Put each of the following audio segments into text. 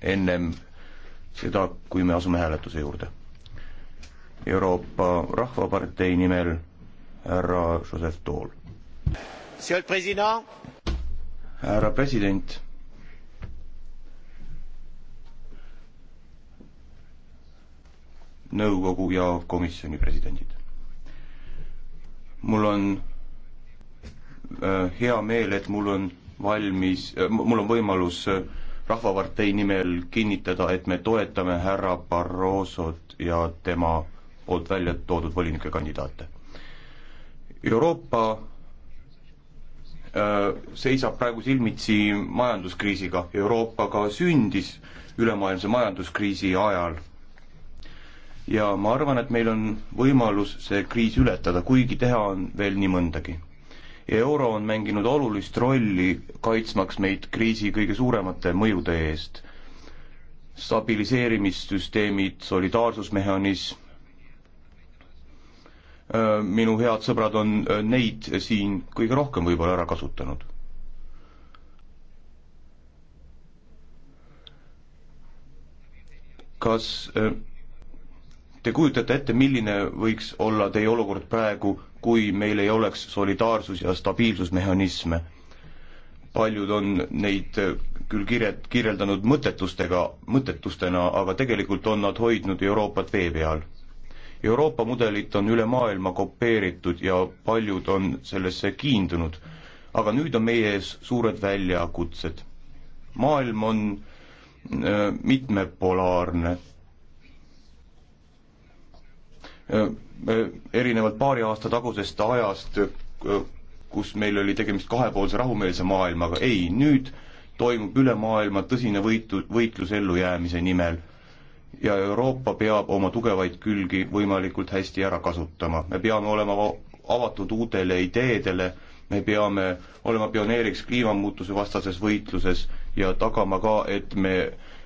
ennem seda, kui me asume hääletuse juurde. Euroopa Rahvapartei nimel härra Joseph Tool. härra president. nõukogu ja komisjoni presidendid. mul on äh, hea meel, et mul on valmis äh,, mul on võimalus äh, Rahvapartei nimel kinnitada, et me toetame härra Barrosot ja tema poolt välja toodud volinike kandidaate. Euroopa äh, seisab praegu silmitsi majanduskriisiga, Euroopa ka sündis ülemaailmse majanduskriisi ajal. ja ma arvan, et meil on võimalus see kriis ületada, kuigi teha on veel nii mõndagi euro on mänginud olulist rolli, kaitsmaks meid kriisi kõige suuremate mõjude eest. stabiliseerimissüsteemid, solidaarsusmehhanism, minu head sõbrad on neid siin kõige rohkem võib-olla ära kasutanud kas Te kujutate ette, milline võiks olla teie olukord praegu, kui meil ei oleks solidaarsus- ja stabiilsusmehhanisme? paljud on neid küll kirjad, kirjeldanud mõttetustega, mõttetustena, aga tegelikult on nad hoidnud Euroopat vee peal. Euroopa mudelit on üle maailma kopeeritud ja paljud on sellesse kiindunud, aga nüüd on meie ees suured väljakutsed. maailm on äh, mitmepolaarne Äh, äh, erinevalt paari aasta tagusest ajast, äh, kus meil oli tegemist kahepoolse rahumeelse maailmaga, ei, nüüd toimub üle maailma tõsine võitu, võitlus ellujäämise nimel ja Euroopa peab oma tugevaid külgi võimalikult hästi ära kasutama. me peame olema avatud uutele ideedele, me peame olema pioneeriks kliimamuutuse vastases võitluses ja tagama ka, et me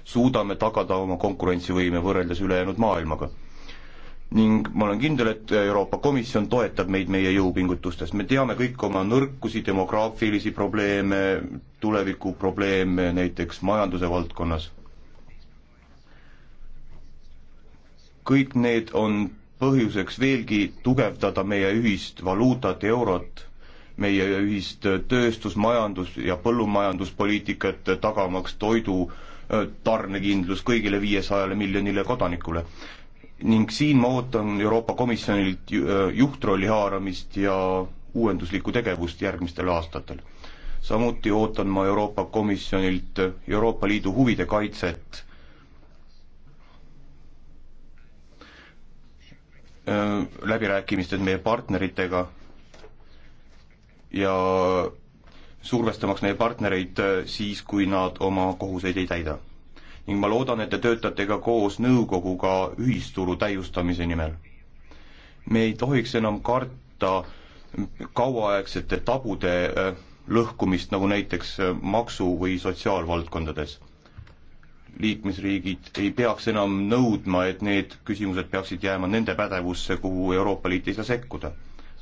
suudame tagada oma konkurentsivõime võrreldes ülejäänud maailmaga ning ma olen kindel, et Euroopa Komisjon toetab meid meie jõupingutustes, me teame kõik oma nõrkusi, demograafilisi probleeme, tulevikuprobleeme näiteks majanduse valdkonnas. kõik need on põhjuseks veelgi tugevdada meie ühist valuutat, eurot, meie ühist tööstus-, majandus- ja põllumajanduspoliitikat, tagamaks toidu äh, tarnekindlus kõigile viiesajale miljonile kodanikule ning siin ma ootan Euroopa Komisjonilt äh, juhtrolli haaramist ja uuenduslikku tegevust järgmistel aastatel. samuti ootan ma Euroopa Komisjonilt Euroopa Liidu huvide kaitset äh, läbirääkimistes meie partneritega ja survestamaks meie partnereid äh, siis, kui nad oma kohuseid ei täida ning ma loodan, et te töötate ka koos nõukoguga ühisturu täiustamise nimel. me ei tohiks enam karta kauaaegsete tabude äh, lõhkumist, nagu näiteks äh, maksu- või sotsiaalvaldkondades. liikmesriigid ei peaks enam nõudma, et need küsimused peaksid jääma nende pädevusse, kuhu Euroopa Liit ei saa sekkuda.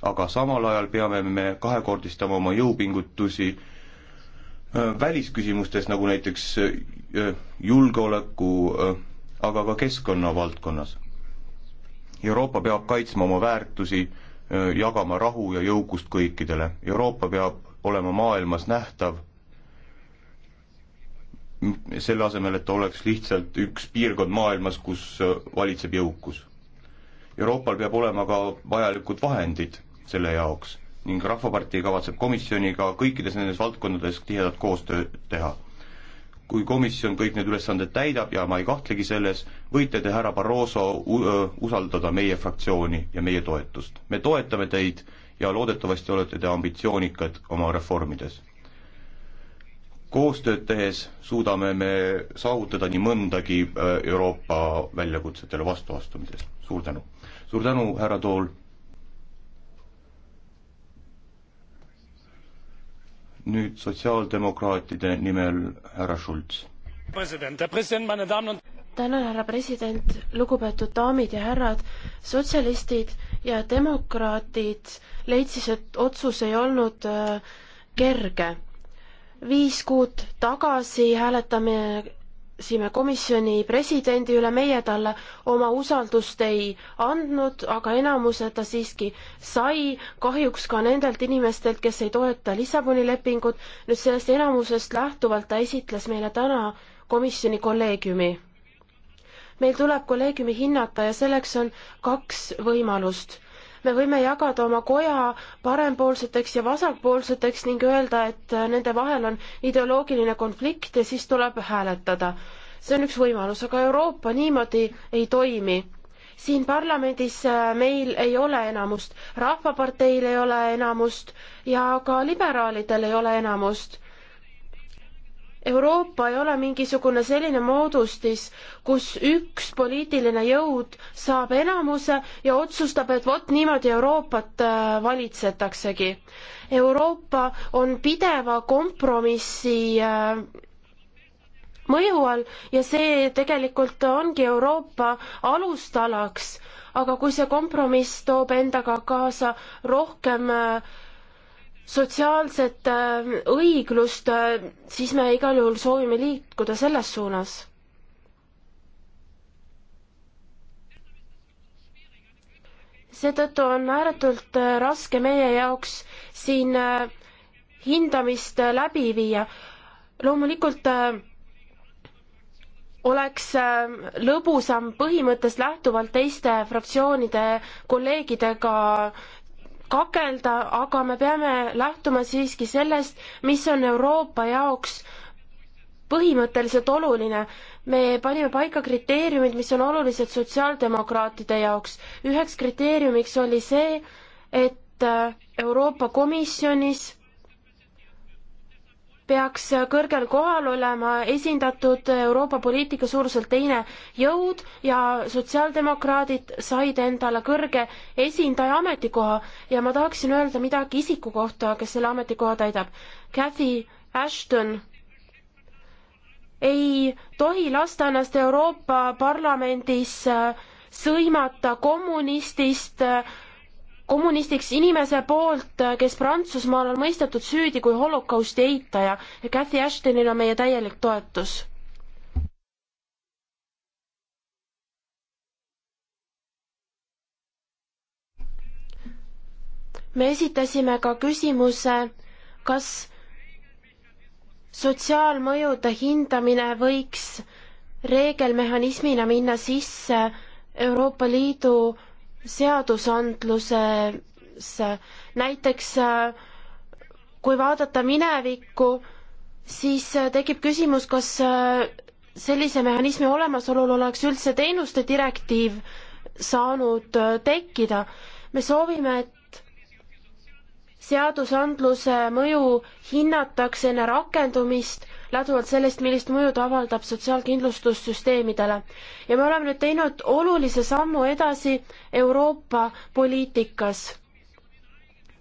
aga samal ajal peame me kahekordistama oma jõupingutusi Äh, välisküsimustes, nagu näiteks äh, äh, julgeoleku, aga ka keskkonna valdkonnas. Euroopa peab kaitsma oma väärtusi, jagama rahu ja jõukust kõikidele. Euroopa peab olema maailmas nähtav, selle asemel, et oleks lihtsalt üks piirkond maailmas, kus valitseb jõukus. Euroopal peab olema ka vajalikud vahendid selle jaoks ning Rahvapartei kavatseb komisjoniga kõikides nendes valdkondades tihedat koostööd teha. kui komisjon kõik need ülesanded täidab ja ma ei kahtlegi selles, võite te, härra Barroso, usaldada meie fraktsiooni ja meie toetust. me toetame teid ja loodetavasti olete te ambitsioonikad oma reformides. koostööd tehes suudame me saavutada nii mõndagi Euroopa väljakutsetele vastuastumises. suur tänu! suur tänu, härra Tool! nüüd sotsiaaldemokraatide nimel härra Schulz. tänan, härra president, lugupeetud daamid ja härrad, sotsialistid ja demokraadid leidsid, et otsus ei olnud äh, kerge. viis kuud tagasi hääletamine sime komisjoni presidendi üle, meie talle oma usaldust ei andnud, aga enamuse ta siiski sai, kahjuks ka nendelt inimestelt, kes ei toeta Lissaboni lepingut, nüüd sellest enamusest lähtuvalt ta esitles meile täna komisjoni kolleegiumi. meil tuleb kolleegiumi hinnata ja selleks on kaks võimalust me võime jagada oma koja parempoolseteks ja vasakpoolseteks ning öelda, et nende vahel on ideoloogiline konflikt ja siis tuleb hääletada. see on üks võimalus, aga Euroopa niimoodi ei toimi. siin parlamendis äh, meil ei ole enamust, Rahvaparteil ei ole enamust ja ka liberaalidel ei ole enamust Euroopa ei ole mingisugune selline moodustis, kus üks poliitiline jõud saab enamuse ja otsustab, et vot niimoodi Euroopat äh, valitsetaksegi. Euroopa on pideva kompromissi äh, mõju all ja see tegelikult ongi Euroopa alustalaks, aga kui see kompromiss toob endaga kaasa rohkem äh, sotsiaalset ähm, õiglust, äh, siis me igal juhul soovime liikuda selles suunas. seetõttu on ääretult äh, raske meie jaoks siin äh, hindamist läbi viia. loomulikult oleks lõbusam põhimõttest lähtuvalt teiste fraktsioonide kolleegidega äh, kakelda, aga me peame lähtuma siiski sellest, mis on Euroopa jaoks põhimõtteliselt oluline. me panime paika kriteeriumid, mis on olulised sotsiaaldemokraatide jaoks. üheks kriteeriumiks oli see, et Euroopa Komisjonis peaks kõrgel kohal olema esindatud Euroopa poliitika suuruselt teine jõud ja sotsiaaldemokraadid said endale kõrge esindaja ametikoha ja ma tahaksin öelda midagi isiku kohta, kes selle ametikoha täidab. Cathy Ashton ei tohi lasta ennast Euroopa Parlamendis sõimata kommunistist äh,, kommunistiks inimese poolt, kes Prantsusmaal on mõistetud süüdi kui holokausti eitaja ja Cathy Ashtonil on meie täielik toetus. me esitasime ka küsimuse, kas sotsiaalmõjude hindamine võiks reegelmehhanismina minna sisse Euroopa Liidu seadusandluses, näiteks äh, kui vaadata minevikku, siis äh, tekib küsimus, kas äh, sellise mehhanismi olemasolul oleks üldse teenuste direktiiv saanud tekkida. me soovime, et seadusandluse mõju hinnatakse enne rakendumist lähtuvalt sellest, millist mõju ta avaldab sotsiaalkindlustussüsteemidele. ja me oleme nüüd teinud olulise sammu edasi Euroopa poliitikas.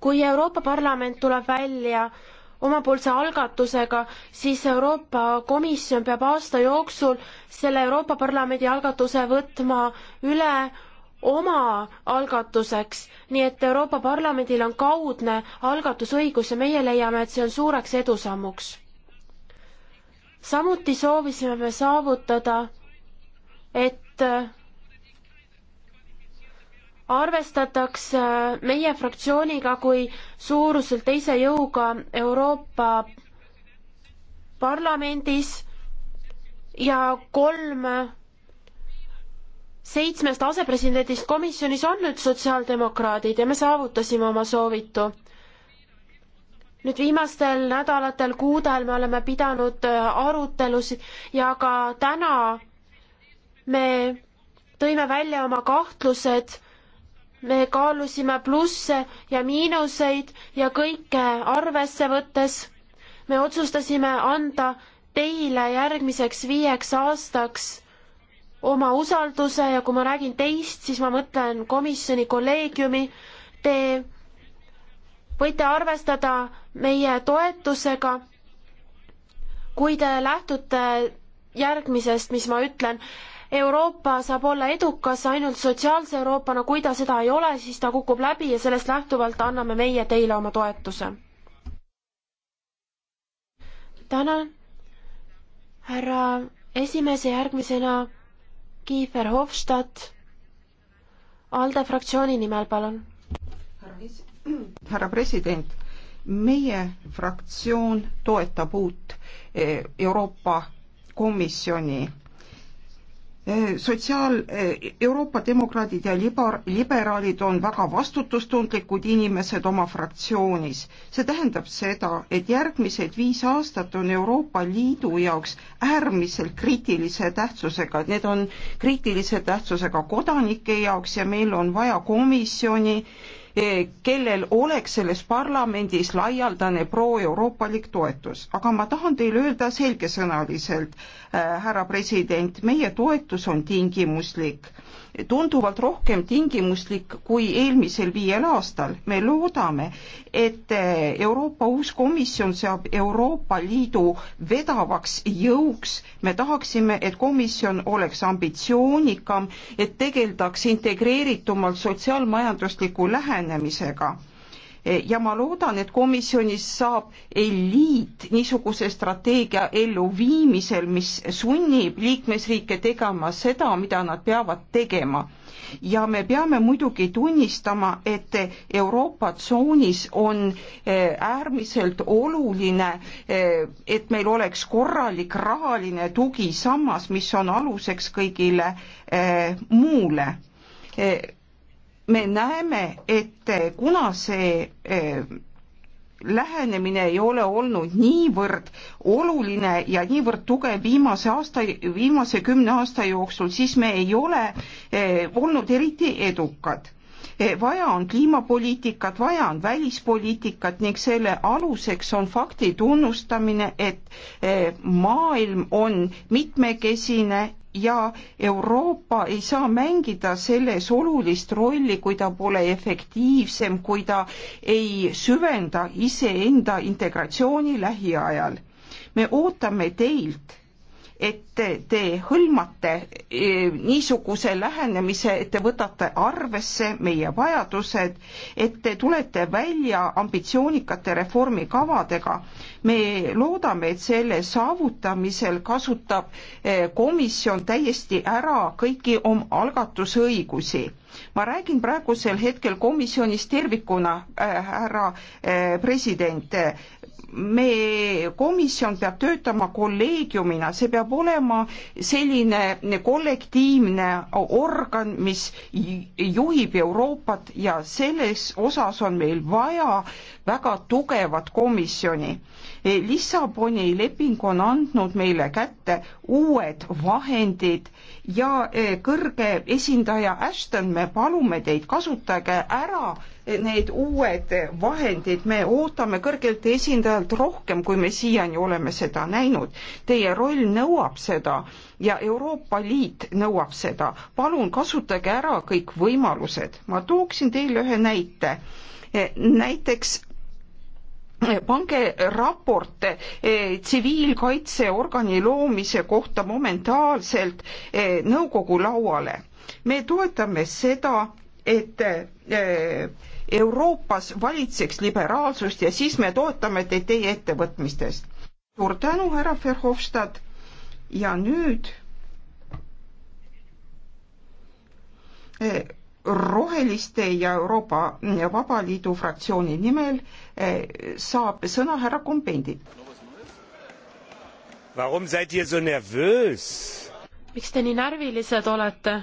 kui Euroopa Parlament tuleb välja omapoolse algatusega, siis Euroopa Komisjon peab aasta jooksul selle Euroopa Parlamendi algatuse võtma üle oma algatuseks, nii et Euroopa Parlamendil on kaudne algatusõigus ja meie leiame, et see on suureks edusammuks samuti soovisime me saavutada, et arvestataks meie fraktsiooniga kui suuruselt teise jõuga Euroopa Parlamendis ja kolm seitsmest asepresidendist komisjonis on nüüd sotsiaaldemokraadid ja me saavutasime oma soovitu nüüd viimastel nädalatel, kuudel me oleme pidanud äh, arutelusid ja ka täna me tõime välja oma kahtlused, me kaalusime plusse ja miinuseid ja kõike arvesse võttes me otsustasime anda teile järgmiseks viieks aastaks oma usalduse ja kui ma räägin teist, siis ma mõtlen komisjoni kolleegiumi, te võite arvestada meie toetusega. kui te lähtute järgmisest, mis ma ütlen, Euroopa saab olla edukas ainult sotsiaalse Euroopana, kui ta seda ei ole, siis ta kukub läbi ja sellest lähtuvalt anname meie teile oma toetuse. tänan, härra esimees ja järgmisena Kiefer Hofstadt, ALDE fraktsiooni nimel, palun. härra president meie fraktsioon toetab uut eh, Euroopa Komisjoni eh, sotsiaal, eh, Euroopa demokraadid ja liber, liberaalid on väga vastutustundlikud inimesed oma fraktsioonis. see tähendab seda, et järgmised viis aastat on Euroopa Liidu jaoks äärmiselt kriitilise tähtsusega, need on kriitilise tähtsusega kodanike jaoks ja meil on vaja komisjoni, Eh, kellel oleks selles parlamendis laialdane pro-euroopalik toetus. aga ma tahan teile öelda selgesõnaliselt, eh, härra president, meie toetus on tingimuslik tunduvalt rohkem tingimuslik kui eelmisel viiel aastal. me loodame, et eh, Euroopa uus komisjon seab Euroopa Liidu vedavaks jõuks. me tahaksime, et komisjon oleks ambitsioonikam, et tegeldaks integreeritumalt sotsiaalmajandusliku lähenemisega lähenemisega ja ma loodan, et komisjonis saab eliit niisuguse strateegia elluviimisel, mis sunnib liikmesriike tegema seda, mida nad peavad tegema. ja me peame muidugi tunnistama, et Euroopa tsoonis on eh, äärmiselt oluline, eh, et meil oleks korralik rahaline tugisammas, mis on aluseks kõigile eh, muule me näeme, et kuna see eh, lähenemine ei ole olnud niivõrd oluline ja niivõrd tugev viimase aasta, viimase kümne aasta jooksul, siis me ei ole eh, olnud eriti edukad. Eh, vaja on kliimapoliitikat, vaja on välispoliitikat ning selle aluseks on fakti tunnustamine, et maailm on mitmekesine ja Euroopa ei saa mängida selles olulist rolli, kui ta pole efektiivsem, kui ta ei süvenda iseenda integratsiooni lähiajal. me ootame teilt et te hõlmate e, niisuguse lähenemise, et te võtate arvesse meie vajadused, et te tulete välja ambitsioonikate reformikavadega. me loodame, et selle saavutamisel kasutab e, komisjon täiesti ära kõiki oma algatusõigusi ma räägin praegusel hetkel komisjonis tervikuna äh,, härra äh, president äh,, me, komisjon peab töötama kolleegiumina, see peab olema selline kollektiivne organ, mis juhib Euroopat ja selles osas on meil vaja väga tugevat komisjoni E, Lissaboni leping on andnud meile kätte uued vahendid ja e, kõrge esindaja Ashton, me palume teid, kasutage ära need uued vahendid, me ootame kõrgelt esindajalt rohkem, kui me siiani oleme seda näinud. Teie roll nõuab seda ja Euroopa Liit nõuab seda. palun kasutage ära kõik võimalused. ma tooksin teile ühe näite. E, näiteks pange raport eh, tsiviilkaitseorgani loomise kohta momentaalselt eh, nõukogu lauale. me toetame seda, et eh, Euroopas valitseks liberaalsust ja siis me toetame teid teie ettevõtmistest. suur tänu, härra Verhofstadt ja nüüd Roheliste ja Euroopa Vabaliidu fraktsiooni nimel eh, saab sõna härra Kompendit. miks te nii närvilised olete?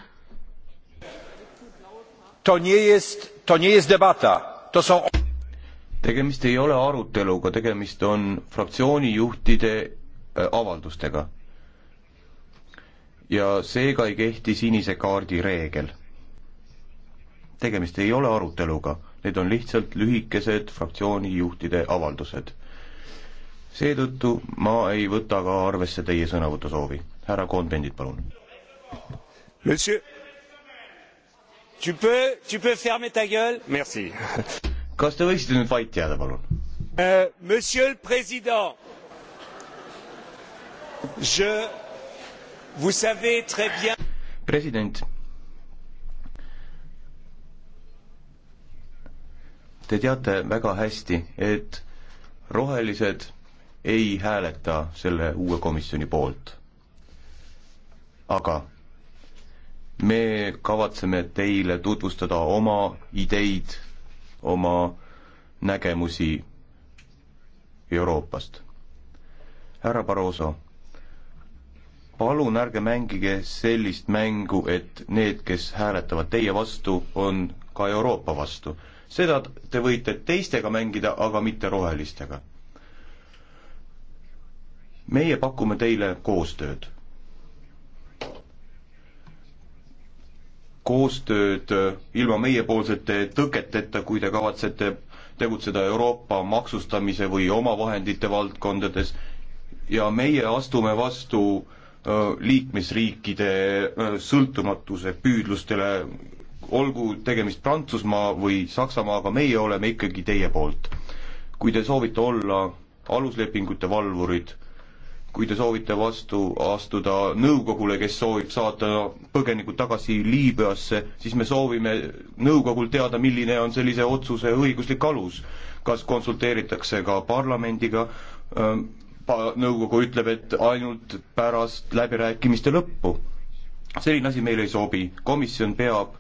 tegemist ei ole aruteluga, tegemist on fraktsioonijuhtide eh, avaldustega. ja seega ei kehti sinise kaardi reegel tegemist ei ole aruteluga, need on lihtsalt lühikesed fraktsiooni juhtide avaldused. seetõttu ma ei võta ka arvesse teie sõnavõtusoovi. härra Kohn-Pendit, palun. Monsieur, tu peux, tu peux fermer ta gueule? Merci. kas te võiksite nüüd vait jääda, palun uh,? Monsieur le president, je, vous savez très bien president Te teate väga hästi, et rohelised ei hääleta selle uue komisjoni poolt. aga me kavatseme teile tutvustada oma ideid, oma nägemusi Euroopast. härra Barroso, palun ärge mängige sellist mängu, et need, kes hääletavad teie vastu, on ka Euroopa vastu seda te võite teistega mängida, aga mitte rohelistega. meie pakume teile koostööd. koostööd ilma meiepoolsete tõketeta, kui te kavatsete tegutseda Euroopa maksustamise või omavahendite valdkondades ja meie astume vastu äh, liikmesriikide äh, sõltumatuse püüdlustele olgu tegemist Prantsusmaa või Saksamaaga, meie oleme ikkagi teie poolt. kui te soovite olla aluslepingute valvurid, kui te soovite vastu astuda nõukogule, kes soovib saata põgenikud tagasi Liibüasse, siis me soovime nõukogult teada, milline on sellise otsuse õiguslik alus. kas konsulteeritakse ka parlamendiga, nõukogu ütleb, et ainult pärast läbirääkimiste lõppu. selline asi meile ei sobi, komisjon peab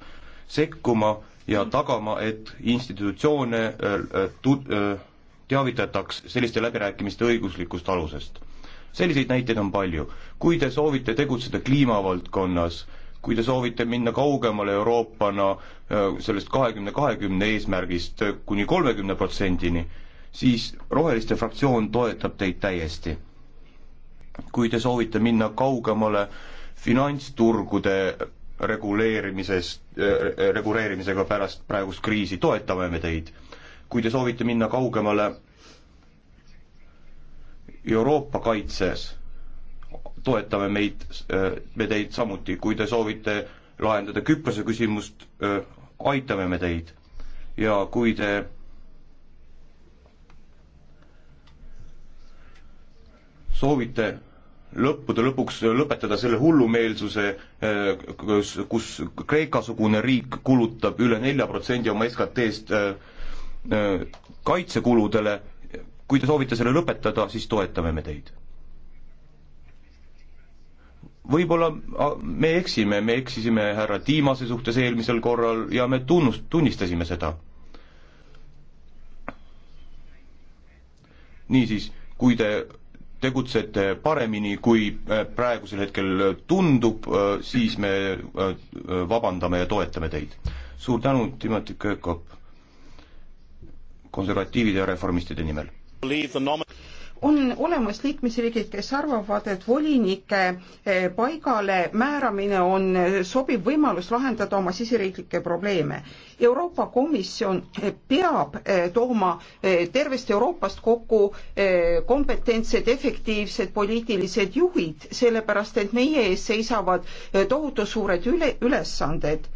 sekkuma ja tagama, et institutsioone äh, äh, tut-, äh, teavitataks selliste läbirääkimiste õiguslikust alusest. selliseid näiteid on palju. kui te soovite tegutseda kliimavaldkonnas, kui te soovite minna kaugemale Euroopana sellest kahekümne kahekümne eesmärgist kuni kolmekümne protsendini, siis Roheliste fraktsioon toetab teid täiesti. kui te soovite minna kaugemale finantsturgude reguleerimisest, äh, reguleerimisega pärast praegust kriisi, toetame me teid. kui te soovite minna kaugemale Euroopa kaitses, toetame meid, äh, me teid samuti, kui te soovite lahendada Küprose küsimust, äh, aitame me teid. ja kui te soovite lõppude lõpuks lõpetada selle hullumeelsuse, kus, kus Kreeka-sugune riik kulutab üle nelja protsendi oma SKT-st äh, äh, kaitsekuludele, kui te soovite selle lõpetada, siis toetame me teid. võib-olla äh, me eksime, me eksisime härra Tiimase suhtes eelmisel korral ja me tunnust, tunnistasime seda. niisiis, kui te tegutsete paremini, kui äh, praegusel hetkel tundub, äh, siis me äh, vabandame ja toetame teid. suur tänu, Timothy Kirkop, konservatiivide ja reformistide nimel on olemas liikmesriigid, kes arvavad, et volinike eh, paigale määramine on eh, sobiv võimalus lahendada oma siseriiklikke probleeme. Euroopa Komisjon eh, peab tooma tervest Euroopast kokku kompetentsed, efektiivsed poliitilised juhid, sellepärast et meie ees seisavad tohutu suured üle, ülesanded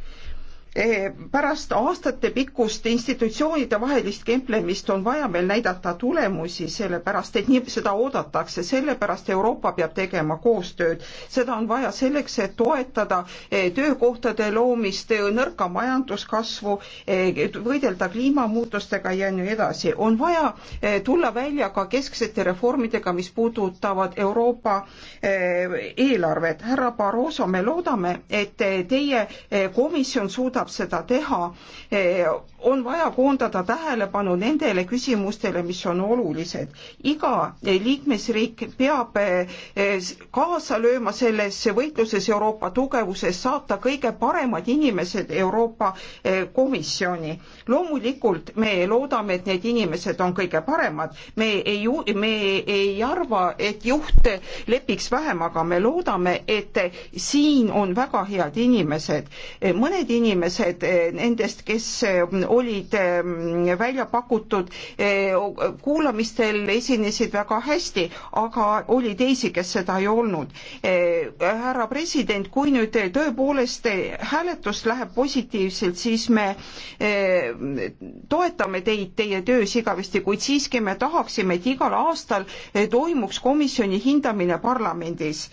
Eh, pärast aastatepikkust institutsioonide vahelist kemplemist on vaja meil näidata tulemusi, sellepärast et nii seda oodatakse, sellepärast Euroopa peab tegema koostööd. seda on vaja selleks, et toetada eh, töökohtade loomist, eh, nõrka majanduskasvu, võidelda kliimamuutustega ja nii edasi. on vaja tulla välja ka kesksete reformidega, mis puudutavad Euroopa eelarvet. härra Barroso, me loodame, et teie komisjon suudab suudab seda teha, eh, on vaja koondada tähelepanu nendele küsimustele, mis on olulised. iga liikmesriik peab eh, kaasa lööma selles võitluses Euroopa tugevuses, saata kõige paremad inimesed Euroopa eh, Komisjoni. loomulikult me loodame, et need inimesed on kõige paremad, me ei, me ei arva, et juht lepiks vähem, aga me loodame, et siin on väga head inimesed. mõned inimesed inimesed eh, nendest, kes eh, olid eh, välja pakutud kuulamistel, esinesid väga hästi, aga oli teisi, kes seda ei olnud. härra president, kui nüüd tõepoolest hääletus läheb positiivselt, siis me toetame teid teie töös igavesti, kuid siiski me tahaksime, et igal aastal toimuks komisjoni hindamine parlamendis.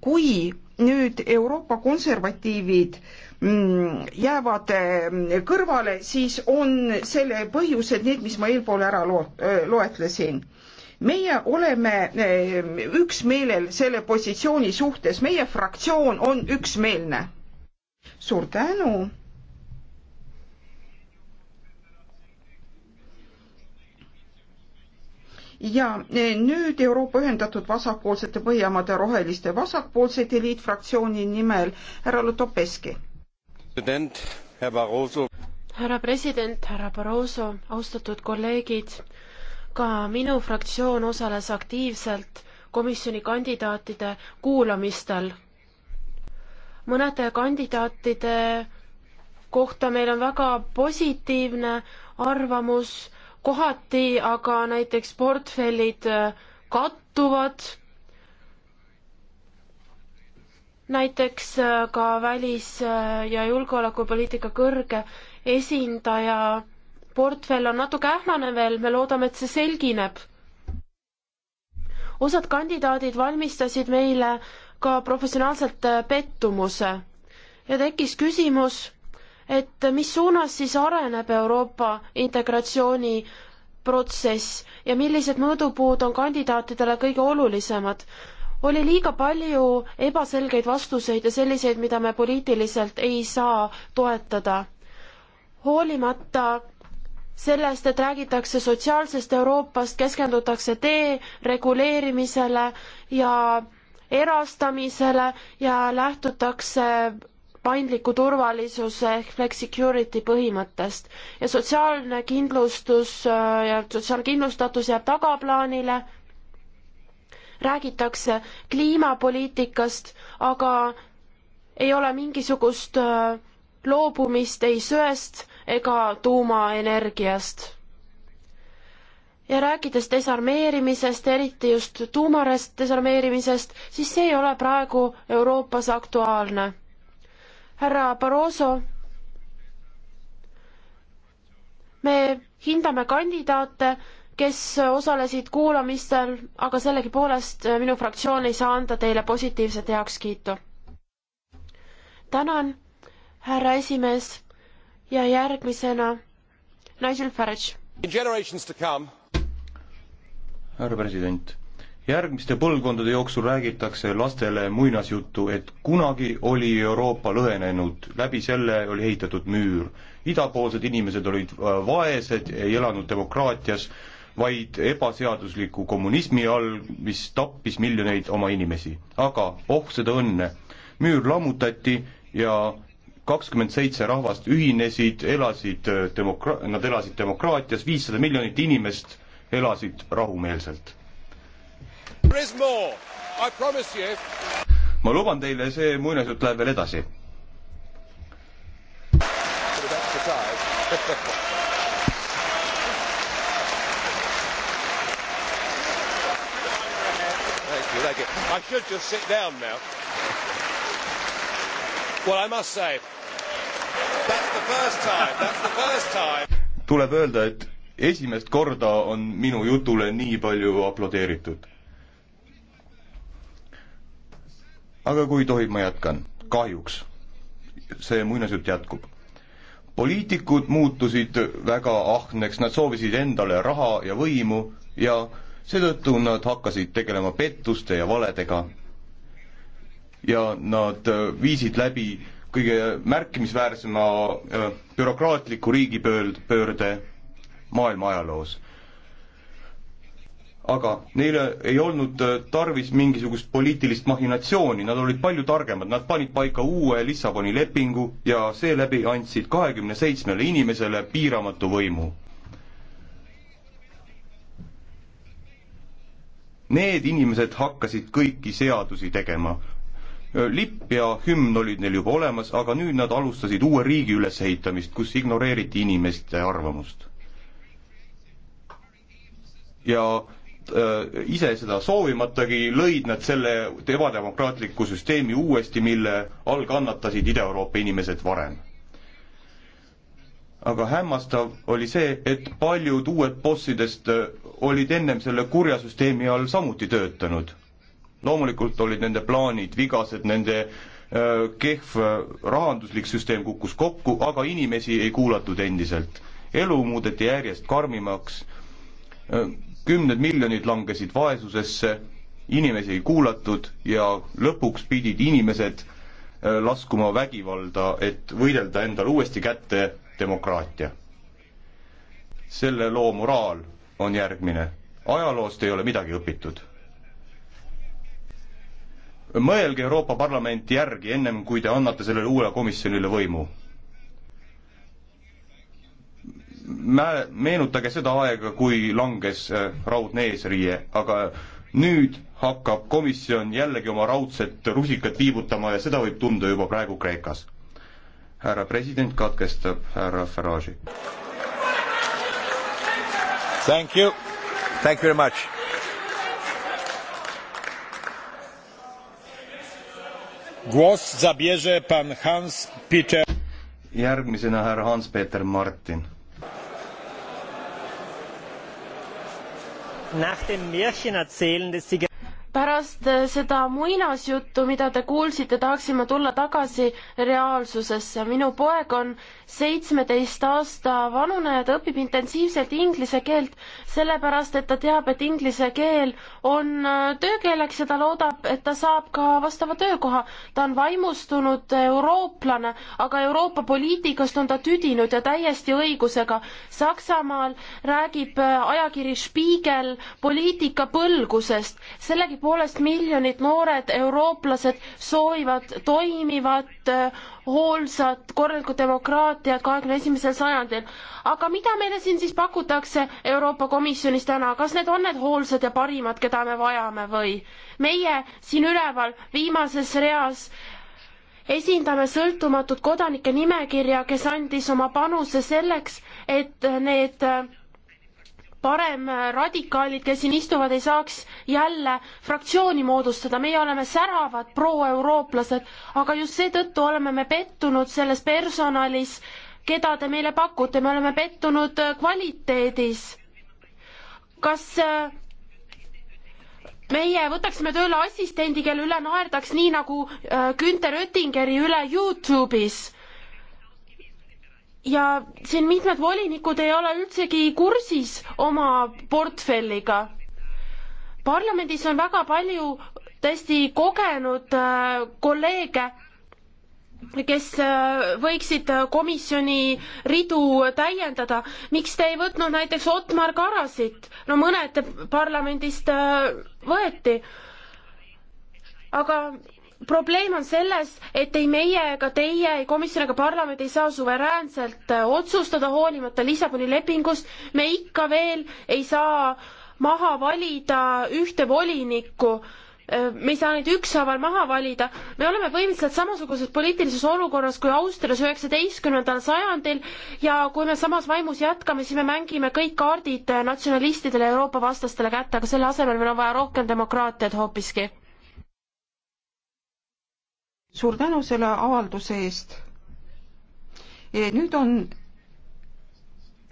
kui nüüd Euroopa konservatiivid Mm, jäävad mm, kõrvale, siis on selle põhjused need, mis ma eelpool ära loetlesin meie oleme eh, üksmeelel selle positsiooni suhtes, meie fraktsioon on üksmeelne. suur tänu. ja eh, nüüd Euroopa Ühendatud Vasakpoolsete Põhjamaade Roheliste Vasakpoolsete Liitfraktsiooni nimel härra Lutopeski härra president, härra Barroso, austatud kolleegid, ka minu fraktsioon osales aktiivselt komisjoni kandidaatide kuulamistel. mõnede kandidaatide kohta meil on väga positiivne arvamus, kohati aga näiteks portfellid kattuvad näiteks äh, ka välis- äh, ja julgeolekupoliitika kõrge esindaja portfell on natuke ähmane veel, me loodame, et see selgineb. osad kandidaadid valmistasid meile ka professionaalselt äh, pettumuse ja tekkis küsimus, et mis suunas siis areneb Euroopa integratsiooni protsess ja millised mõõdupuud on kandidaatidele kõige olulisemad oli liiga palju ebaselgeid vastuseid ja selliseid, mida me poliitiliselt ei saa toetada. hoolimata sellest, et räägitakse sotsiaalsest Euroopast, keskendutakse dereguleerimisele ja erastamisele ja lähtutakse paindliku turvalisuse ehk flexicurity põhimõttest ja sotsiaalne kindlustus äh, ja sotsiaalkindlustatus jääb tagaplaanile räägitakse kliimapoliitikast, aga ei ole mingisugust äh, loobumist ei söest ega tuumaenergiast. ja rääkides desarmeerimisest, eriti just tuumarest desarmeerimisest, siis see ei ole praegu Euroopas aktuaalne. härra Barroso, me hindame kandidaate kes osalesid kuulamistel, aga sellegipoolest äh, minu fraktsioon ei saa anda teile positiivset heakskiitu. tänan, härra esimees ja järgmisena Nigel Farage. härra president, järgmiste põlvkondade jooksul räägitakse lastele muinasjuttu, et kunagi oli Euroopa lõhenenud, läbi selle oli ehitatud müür. idapoolsed inimesed olid äh, vaesed, ei elanud demokraatias vaid ebaseadusliku kommunismi all, mis tappis miljoneid oma inimesi. aga oh seda õnne, müür lammutati ja kakskümmend seitse rahvast ühinesid, elasid äh, demokra-, nad elasid demokraatias, viissada miljonit inimest elasid rahumeelselt. ma luban teile, see muinasjutt läheb veel edasi you, thank you. I should just sit down now. Well, I must say, that's the first time, that's the first time. tuleb öelda, et esimest korda on minu jutule nii palju aplodeeritud. aga kui tohib, ma jätkan. kahjuks see muinasjutt jätkub. poliitikud muutusid väga ahneks, nad soovisid endale raha ja võimu ja seetõttu nad hakkasid tegelema pettuste ja valedega. ja nad äh, viisid läbi kõige märkimisväärsema äh, bürokraatliku riigipöörde maailma ajaloos. aga neile ei olnud äh, tarvis mingisugust poliitilist mahinatsiooni, nad olid palju targemad, nad panid paika uue Lissaboni lepingu ja seeläbi andsid kahekümne seitsmele inimesele piiramatu võimu Need inimesed hakkasid kõiki seadusi tegema. lipp ja hümn olid neil juba olemas, aga nüüd nad alustasid uue riigi ülesehitamist, kus ignoreeriti inimeste arvamust. ja ise seda soovimatagi, lõid nad selle ebademokraatliku süsteemi uuesti, mille all kannatasid Ida-Euroopa inimesed varem aga hämmastav oli see, et paljud uued bossidest äh, olid ennem selle kurja süsteemi all samuti töötanud. loomulikult olid nende plaanid vigased, nende äh, kehv äh, rahanduslik süsteem kukkus kokku, aga inimesi ei kuulatud endiselt. elu muudeti järjest karmimaks, kümned miljonid langesid vaesusesse, inimesi ei kuulatud ja lõpuks pidid inimesed laskuma vägivalda, et võidelda endale uuesti kätte demokraatia. selle loo moraal on järgmine. ajaloost ei ole midagi õpitud. mõelge Euroopa Parlamenti järgi ennem, kui te annate sellele uuele komisjonile võimu. Mä-, meenutage seda aega, kui langes äh, raudne eesriie, aga nüüd hakkab komisjon jällegi oma raudset rusikat viibutama ja seda võib tunda juba praegu Kreekas härra president katkestab härra Farage'i. Thank you, thank you very much. Głos zabierze pan Hans Peter. Järgmisena härra Hans-Peter Martin. Nach dem Märchenerzählen des Zigaretten pärast eh, seda muinasjuttu, mida te kuulsite, tahaksime tulla tagasi reaalsusesse. minu poeg on seitsmeteist aasta vanune ja ta õpib intensiivselt inglise keelt, sellepärast et ta teab, et inglise keel on eh, töökeeleks ja ta loodab, et ta saab ka vastava töökoha. ta on vaimustunud eurooplane, aga Euroopa poliitikast on ta tüdinud ja täiesti õigusega. Saksamaal räägib eh, ajakiri Spiegel poliitika põlgusest. sellegi poolest miljonit noored eurooplased soovivad toimivat äh, hoolsat korralikku demokraatiat kahekümne esimesel sajandil. aga mida meile siin siis pakutakse Euroopa Komisjonis täna, kas need on need hoolsad ja parimad, keda me vajame või? meie siin üleval viimases reas esindame sõltumatut kodanike nimekirja, kes andis oma panuse selleks, et need äh, paremradikaalid, kes siin istuvad, ei saaks jälle fraktsiooni moodustada, meie oleme säravad pro-eurooplased, aga just seetõttu oleme me pettunud selles personalis, keda te meile pakute, me oleme pettunud äh, kvaliteedis. kas äh, meie võtaksime tööle assistendi, kelle üle naerdaks nii nagu äh, Günther Oettingeri üle Youtube'is ja siin mitmed volinikud ei ole üldsegi kursis oma portfelliga. parlamendis on väga palju tõesti kogenud äh, kolleege, kes äh, võiksid äh, komisjoni ridu täiendada. miks te ei võtnud näiteks Otmar Karasit? no mõned parlamendist äh, võeti. aga probleem on selles, et ei meie ega teie, ei komisjon ega parlament ei saa suveräänselt äh, otsustada, hoolimata Lissaboni lepingust, me ikka veel ei saa maha valida ühte volinikku, äh, me ei saa neid ükshaaval maha valida, me oleme põhimõtteliselt samasuguses poliitilises olukorras kui Austrias üheksateistkümnendal sajandil ja kui me samas vaimus jätkame, siis me mängime kõik kaardid äh, natsionalistidele ja Euroopa vastastele kätte, aga selle asemel meil on vaja rohkem demokraatiat hoopiski suur tänu selle avalduse eest. E, nüüd on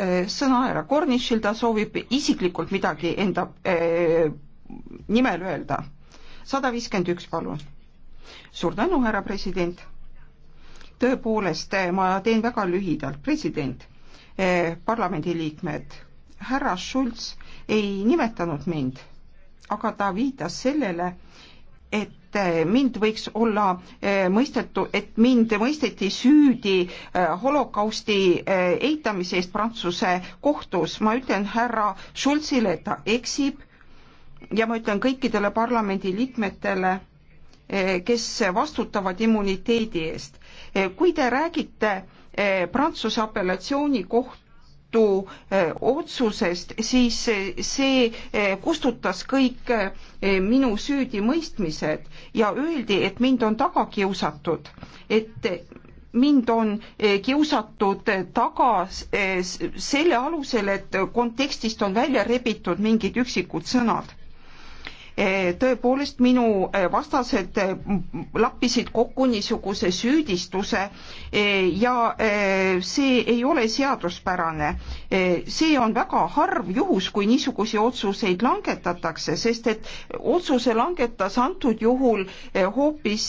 e, sõna härra Kornišil, ta soovib isiklikult midagi enda eh, nimel öelda. sada viiskümmend üks, palun. suur tänu, härra president. tõepoolest, e, ma teen väga lühidalt, president eh,, parlamendiliikmed, härra Schulz ei nimetanud mind, aga ta viitas sellele, et et eh, mind võiks olla eh, mõistetu, et mind mõisteti süüdi eh, holokausti eitamise eest Prantsuse kohtus. ma ütlen härra Schulzile, et ta eksib ja ma ütlen kõikidele parlamendiliikmetele, kes vastutavad immuniteedi eest. kui te räägite Prantsuse apellatsiooni kohta, kohtu eh, otsusest, siis eh, see eh, kustutas kõik minu süüdimõistmised ja öeldi, et mind on taga kiusatud, et mind on kiusatud taga selle alusel, et kontekstist on välja rebitud mingid üksikud sõnad Eh, tõepoolest minu eh, vastased eh, lappisid kokku niisuguse süüdistuse ja see ei ole seaduspärane. see on väga harv juhus, kui niisuguseid otsuseid langetatakse, sest et otsuse langetas antud juhul hoopis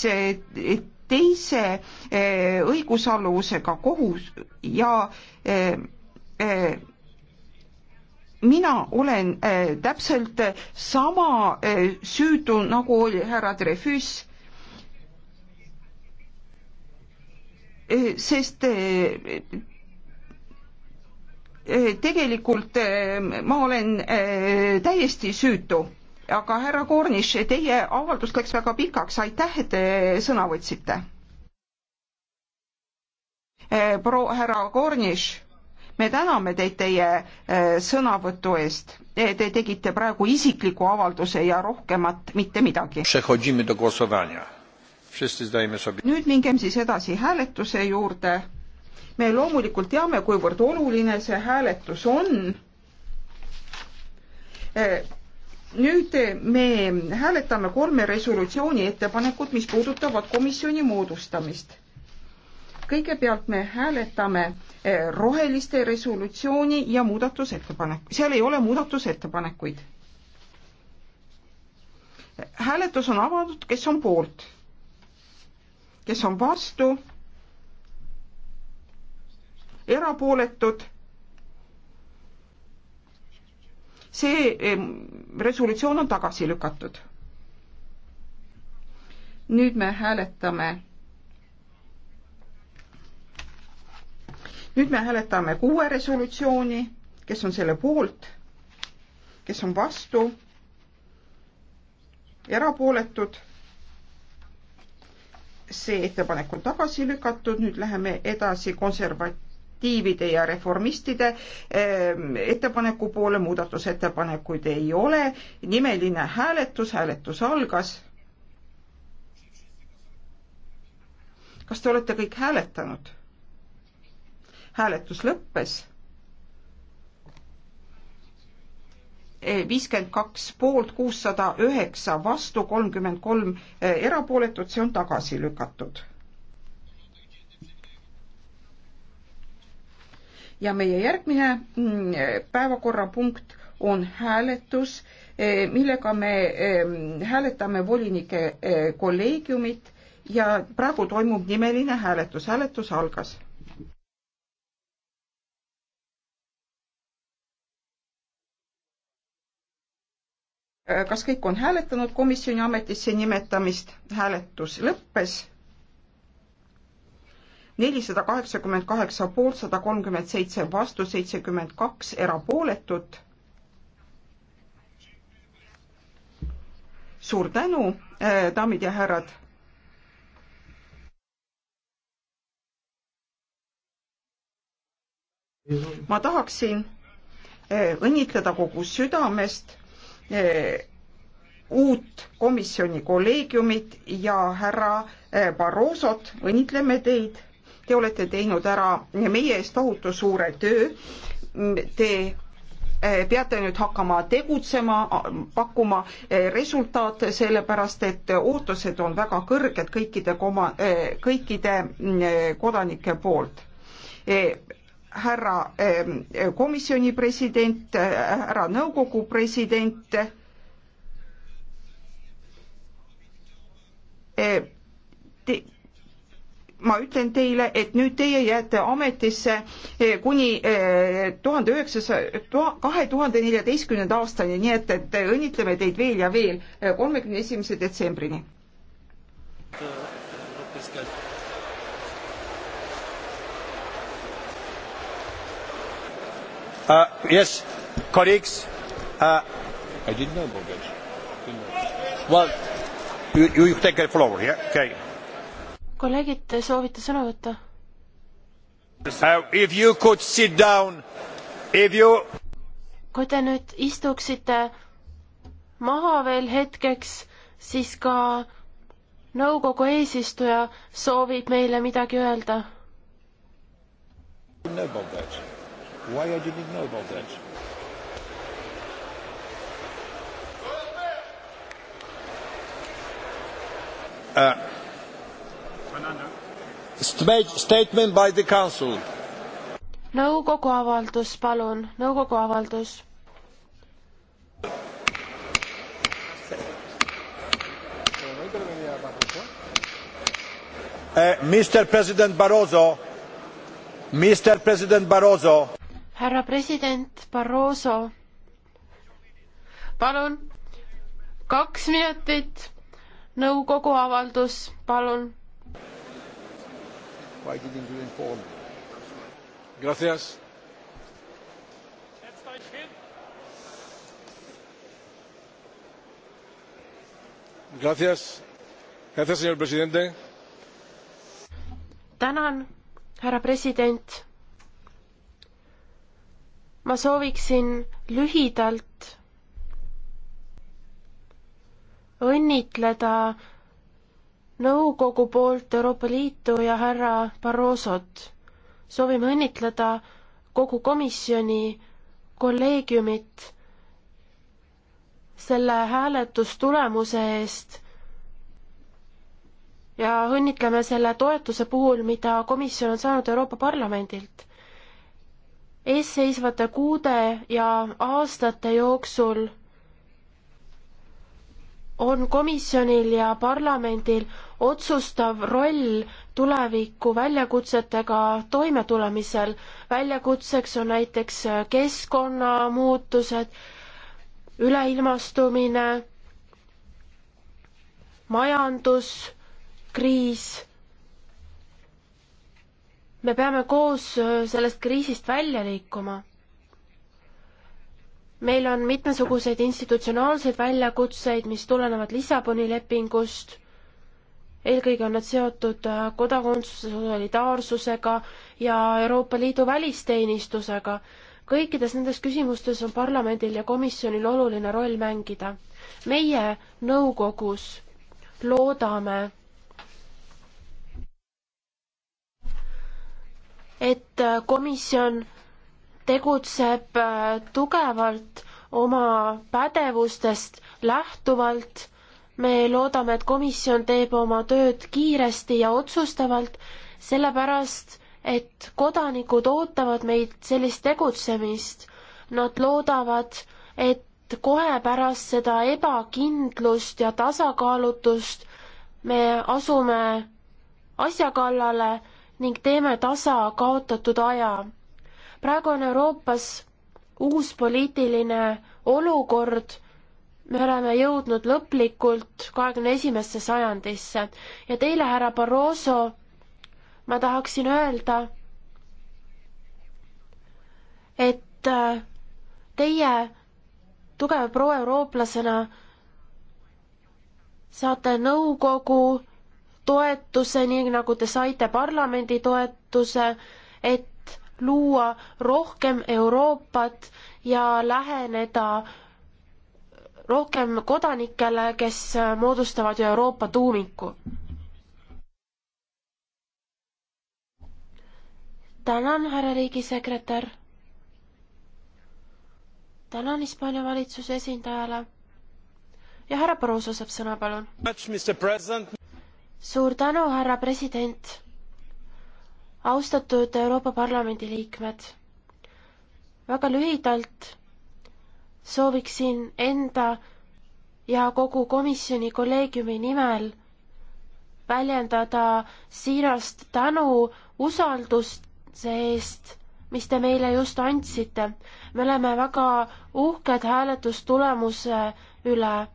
teise õigusalusega kohus ja mina olen äh, täpselt sama äh, süütu, nagu oli härra Dreyfus äh,. sest äh, äh tegelikult äh, ma olen äh, täiesti süütu, aga härra Kornis, teie avaldus läks väga pikaks, aitäh, et te sõna võtsite. proua härra Kornis me täname teid teie äh, sõnavõtu eest. Te tegite praegu isikliku avalduse ja rohkemat mitte midagi. nüüd mingem siis edasi hääletuse juurde. me loomulikult teame, kuivõrd oluline see hääletus on äh, nüüd me hääletame kolme resolutsiooni ettepanekut, mis puudutavad komisjoni moodustamist kõigepealt me hääletame eh, roheliste resolutsiooni ja muudatusettepanek, seal ei ole muudatusettepanekuid. hääletus on avatud, kes on poolt, kes on vastu, erapooletud. see eh, resolutsioon on tagasi lükatud. nüüd me hääletame nüüd me hääletame kuue resolutsiooni, kes on selle poolt, kes on vastu, erapooletud. see ettepanek on tagasi lükatud, nüüd läheme edasi konservatiivide ja reformistide ehm, ettepaneku poole, muudatusettepanekuid ei ole, nimeline hääletus, hääletus algas. kas te olete kõik hääletanud? hääletus lõppes. Eh, viiskümmend kaks poolt, kuussada üheksa vastu, kolmkümmend kolm eh, erapooletut, see on tagasi lükatud. ja meie järgmine mm, päevakorrapunkt on hääletus, eh, millega me hääletame volinike kolleegiumit ja praegu toimub nimeline hääletus, hääletus algas Äh, kas kõik on hääletanud komisjoni ametisse nimetamist? hääletus lõppes. nelisada kaheksakümmend kaheksa poolt, sada kolmkümmend seitse vastu, seitsekümmend kaks erapooletut. suur tänu, äh, daamid ja härrad. ma tahaksin äh, õnnitleda kogu südamest Eh, uut komisjoni kolleegiumit ja härra eh, Barrosot, õnnitleme teid. Te olete teinud ära meie eest tohutu suure töö. Te eh, peate nüüd hakkama tegutsema, pakkuma resultaate, sellepärast et ootused on väga kõrged kõikide koma, kõikide mm, kodanike poolt härra komisjoni president, härra nõukogu president. ma ütlen teile, et nüüd teie jääte ametisse kuni tuhande üheksasaja, kahe tuhande neljateistkümnenda aastani, nii et, et õnnitleme teid veel ja veel kolmekümne esimese detsembrini. Uh, yes, colleagues. Uh, I didn't know about that. Well, you, you take the floor, yeah? Okay. kolleegid, te soovite sõna võtta uh,? If you could sit down, if you kui te nüüd istuksite maha veel hetkeks, siis ka nõukogu eesistuja soovib meile midagi öelda. Never bet. Why I didn't know about that? Uh, statement by the council. nõukogu avaldus, palun, nõukogu avaldus. Uh, Mr President Barroso, Mr President Barroso härra president Barroso, palun, kaks minutit, nõukogu avaldus, palun. Gracias. Gracias. Gracias, señor presidente. tänan, härra president ma sooviksin lühidalt õnnitleda nõukogu poolt Euroopa Liitu ja härra Barrosot. soovime õnnitleda kogu komisjoni kolleegiumit selle hääletustulemuse eest ja õnnitleme selle toetuse puhul, mida komisjon on saanud Euroopa Parlamendilt eesseisvate kuude ja aastate jooksul on komisjonil ja parlamendil otsustav roll tuleviku väljakutsetega toimetulemisel. väljakutseks on näiteks keskkonnamuutused, üleilmastumine, majanduskriis me peame koos äh, sellest kriisist välja liikuma. meil on mitmesuguseid institutsionaalseid väljakutseid, mis tulenevad Lissaboni lepingust, eelkõige on nad seotud äh, kodakondsuse solidaarsusega ja Euroopa Liidu välisteenistusega. kõikides nendes küsimustes on parlamendil ja komisjonil oluline roll mängida. meie nõukogus loodame et äh, komisjon tegutseb äh, tugevalt oma pädevustest lähtuvalt. me loodame, et komisjon teeb oma tööd kiiresti ja otsustavalt, sellepärast et kodanikud ootavad meilt sellist tegutsemist. Nad loodavad, et kohe pärast seda ebakindlust ja tasakaalutust me asume asja kallale ning teeme tasa kaotatud aja. praegu on Euroopas uus poliitiline olukord, me oleme jõudnud lõplikult kahekümne esimesse sajandisse ja teile, härra Barroso, ma tahaksin öelda, et äh, teie tugeva proeurooplasena saate nõukogu toetuse, nii nagu te saite parlamendi toetuse, et luua rohkem Euroopat ja läheneda rohkem kodanikele, kes moodustavad ju Euroopa tuumiku. tänan, härra riigisekretär. tänan Hispaania valitsuse esindajale. ja härra Barroso saab sõna, palun suur tänu, härra president. austatud Euroopa Parlamendi liikmed. väga lühidalt sooviksin enda ja kogu komisjoni kolleegiumi nimel väljendada siirast tänu usalduse eest, mis te meile just andsite. me oleme väga uhked hääletustulemuse üle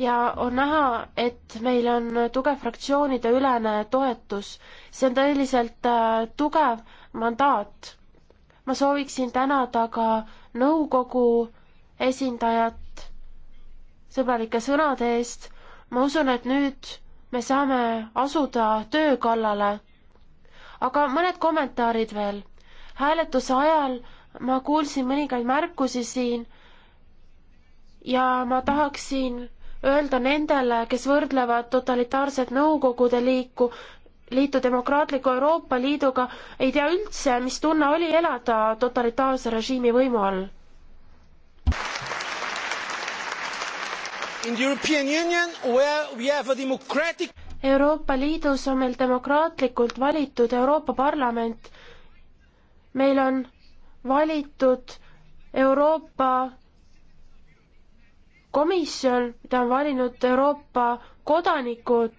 ja on näha, et meil on tugev fraktsioonide ülene toetus. see on tõeliselt äh, tugev mandaat. ma sooviksin tänada ka nõukogu esindajat sõbralike sõnade eest. ma usun, et nüüd me saame asuda töö kallale. aga mõned kommentaarid veel. hääletuse ajal ma kuulsin mõningaid märkusi siin ja ma tahaksin öelda nendele, kes võrdlevad totalitaarset Nõukogude liiku, liitu demokraatliku Euroopa Liiduga, ei tea üldse, mis tunne oli elada totalitaarse režiimi võimu all. Democratic... Euroopa Liidus on meil demokraatlikult valitud Euroopa Parlament. meil on valitud Euroopa komisjon, mida on valinud Euroopa kodanikud.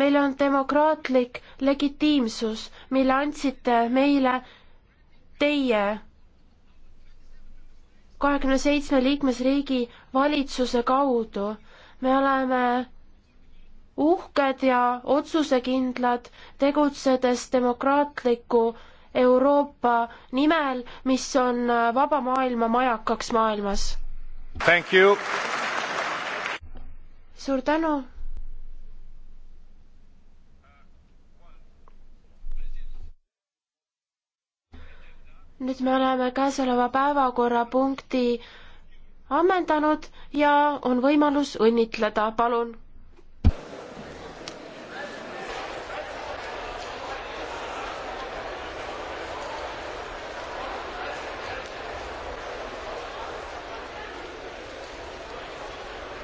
meil on demokraatlik legitiimsus, mille andsite meile teie kahekümne seitsme liikmesriigi valitsuse kaudu. me oleme uhked ja otsusekindlad, tegutsedes demokraatliku Euroopa nimel, mis on vaba maailma majakaks maailmas suur tänu. nüüd me oleme käesoleva päevakorrapunkti ammendanud ja on võimalus õnnitleda, palun